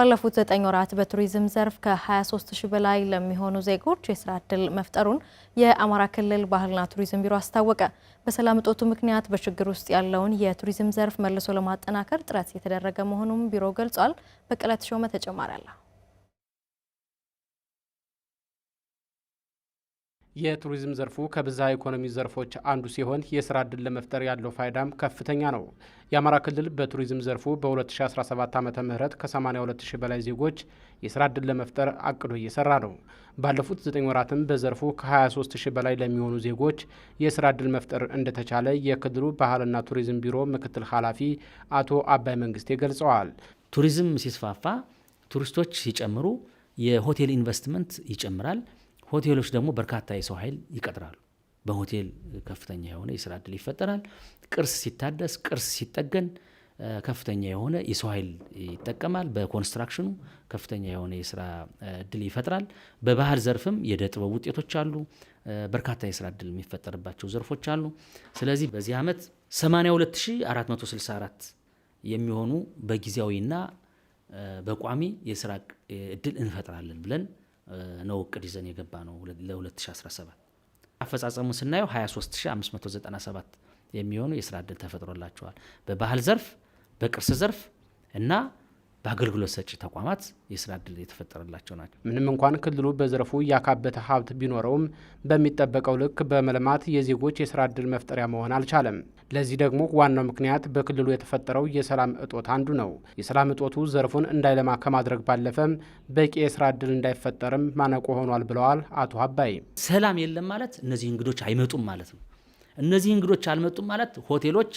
ባለፉት ዘጠኝ ወራት በቱሪዝም ዘርፍ ከ23 ሺህ በላይ ለሚሆኑ ዜጎች የስራ እድል መፍጠሩን የአማራ ክልል ባህልና ቱሪዝም ቢሮ አስታወቀ። በሰላም እጦቱ ምክንያት በችግር ውስጥ ያለውን የቱሪዝም ዘርፍ መልሶ ለማጠናከር ጥረት የተደረገ መሆኑም ቢሮ ገልጿል። በቀለት ሾመ ተጨማሪ አለ። የቱሪዝም ዘርፉ ከብዝሃ ኢኮኖሚ ዘርፎች አንዱ ሲሆን የስራ ዕድል ለመፍጠር ያለው ፋይዳም ከፍተኛ ነው። የአማራ ክልል በቱሪዝም ዘርፉ በ2017 ዓ ም ከ82 ሺህ በላይ ዜጎች የስራ ዕድል ለመፍጠር አቅዶ እየሰራ ነው። ባለፉት 9 ወራትም በዘርፉ ከ23 ሺህ በላይ ለሚሆኑ ዜጎች የስራ ዕድል መፍጠር እንደተቻለ የክልሉ ባህልና ቱሪዝም ቢሮ ምክትል ኃላፊ አቶ አባይ መንግስቴ ገልጸዋል። ቱሪዝም ሲስፋፋ ቱሪስቶች ሲጨምሩ የሆቴል ኢንቨስትመንት ይጨምራል። ሆቴሎች ደግሞ በርካታ የሰው ኃይል ይቀጥራሉ። በሆቴል ከፍተኛ የሆነ የስራ እድል ይፈጠራል። ቅርስ ሲታደስ፣ ቅርስ ሲጠገን ከፍተኛ የሆነ የሰው ኃይል ይጠቀማል። በኮንስትራክሽኑ ከፍተኛ የሆነ የስራ እድል ይፈጥራል። በባህል ዘርፍም የእደ ጥበብ ውጤቶች አሉ። በርካታ የስራ እድል የሚፈጠርባቸው ዘርፎች አሉ። ስለዚህ በዚህ ዓመት 82464 የሚሆኑ በጊዜያዊና በቋሚ የስራ እድል እንፈጥራለን ብለን ነው እቅድ ይዘን የገባ ነው ለ2017። አፈጻጸሙ ስናየው 23597 የሚሆኑ የስራ እድል ተፈጥሮላቸዋል። በባህል ዘርፍ፣ በቅርስ ዘርፍ እና በአገልግሎት ሰጪ ተቋማት የስራ እድል የተፈጠረላቸው ናቸው። ምንም እንኳን ክልሉ በዘርፉ ያካበተ ሀብት ቢኖረውም በሚጠበቀው ልክ በመልማት የዜጎች የስራ እድል መፍጠሪያ መሆን አልቻለም። ለዚህ ደግሞ ዋናው ምክንያት በክልሉ የተፈጠረው የሰላም እጦት አንዱ ነው። የሰላም እጦቱ ዘርፉን እንዳይለማ ከማድረግ ባለፈም በቂ የስራ እድል እንዳይፈጠርም ማነቆ ሆኗል ብለዋል አቶ አባይ። ሰላም የለም ማለት እነዚህ እንግዶች አይመጡም ማለት ነው። እነዚህ እንግዶች አልመጡም ማለት ሆቴሎች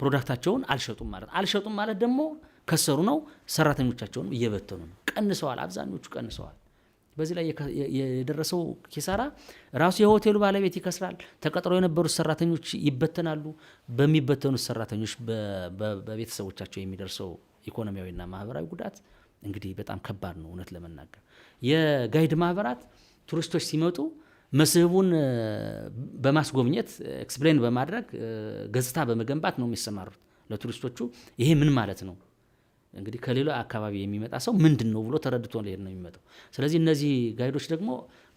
ፕሮዳክታቸውን አልሸጡም ማለት አልሸጡም ማለት ደግሞ ከሰሩ ነው። ሰራተኞቻቸውን እየበተኑ ነው። ቀንሰዋል፣ አብዛኞቹ ቀንሰዋል። በዚህ ላይ የደረሰው ኪሳራ ራሱ የሆቴሉ ባለቤት ይከስራል። ተቀጥሮ የነበሩት ሰራተኞች ይበተናሉ። በሚበተኑት ሰራተኞች በቤተሰቦቻቸው የሚደርሰው ኢኮኖሚያዊና ማህበራዊ ጉዳት እንግዲህ በጣም ከባድ ነው። እውነት ለመናገር የጋይድ ማህበራት ቱሪስቶች ሲመጡ መስህቡን በማስጎብኘት ኤክስፕሌን በማድረግ ገጽታ በመገንባት ነው የሚሰማሩት። ለቱሪስቶቹ ይሄ ምን ማለት ነው እንግዲህ ከሌላ አካባቢ የሚመጣ ሰው ምንድን ነው ብሎ ተረድቶ ሊሄድ ነው የሚመጣው። ስለዚህ እነዚህ ጋይዶች ደግሞ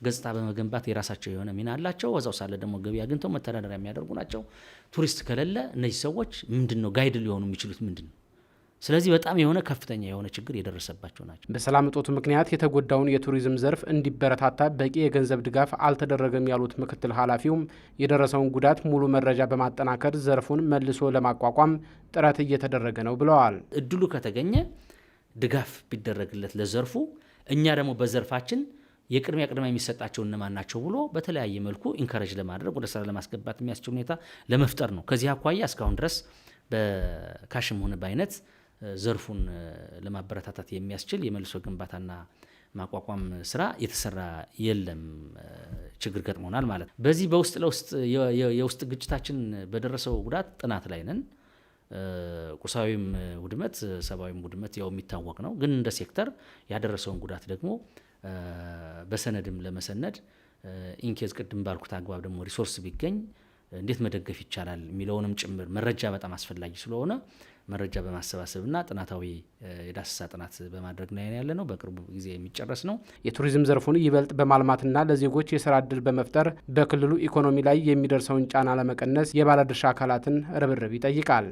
ገጽታ በመገንባት የራሳቸው የሆነ ሚና አላቸው። በዛው ሳለ ደግሞ ገቢ አግኝተው መተዳደሪያ የሚያደርጉ ናቸው። ቱሪስት ከሌለ እነዚህ ሰዎች ምንድን ነው ጋይድ ሊሆኑ የሚችሉት ምንድን ነው? ስለዚህ በጣም የሆነ ከፍተኛ የሆነ ችግር የደረሰባቸው ናቸው። በሰላም እጦቱ ምክንያት የተጎዳውን የቱሪዝም ዘርፍ እንዲበረታታ በቂ የገንዘብ ድጋፍ አልተደረገም ያሉት ምክትል ኃላፊውም የደረሰውን ጉዳት ሙሉ መረጃ በማጠናከር ዘርፉን መልሶ ለማቋቋም ጥረት እየተደረገ ነው ብለዋል። እድሉ ከተገኘ ድጋፍ ቢደረግለት ለዘርፉ እኛ ደግሞ በዘርፋችን የቅድሚያ ቅድሚያ የሚሰጣቸው እነማን ናቸው ብሎ በተለያየ መልኩ ኢንካሬጅ ለማድረግ ወደ ስራ ለማስገባት የሚያስችል ሁኔታ ለመፍጠር ነው። ከዚህ አኳያ እስካሁን ድረስ በካሽም ሆነ በአይነት ዘርፉን ለማበረታታት የሚያስችል የመልሶ ግንባታና ማቋቋም ስራ የተሰራ የለም። ችግር ገጥሞናል ማለት ነው። በዚህ በውስጥ ለውስጥ የውስጥ ግጭታችን በደረሰው ጉዳት ጥናት ላይ ነን። ቁሳዊም ውድመት፣ ሰብአዊም ውድመት ያው የሚታወቅ ነው። ግን እንደ ሴክተር ያደረሰውን ጉዳት ደግሞ በሰነድም ለመሰነድ ኢንኬዝ ቅድም ባልኩት አግባብ ደግሞ ሪሶርስ ቢገኝ እንዴት መደገፍ ይቻላል የሚለውንም ጭምር መረጃ በጣም አስፈላጊ ስለሆነ መረጃ በማሰባሰብና ጥናታዊ የዳሰሳ ጥናት በማድረግ ላይ ያለ ነው። በቅርቡ ጊዜ የሚጨረስ ነው። የቱሪዝም ዘርፉን ይበልጥ በማልማትና ለዜጎች የስራ እድል በመፍጠር በክልሉ ኢኮኖሚ ላይ የሚደርሰውን ጫና ለመቀነስ የባለድርሻ አካላትን ርብርብ ይጠይቃል።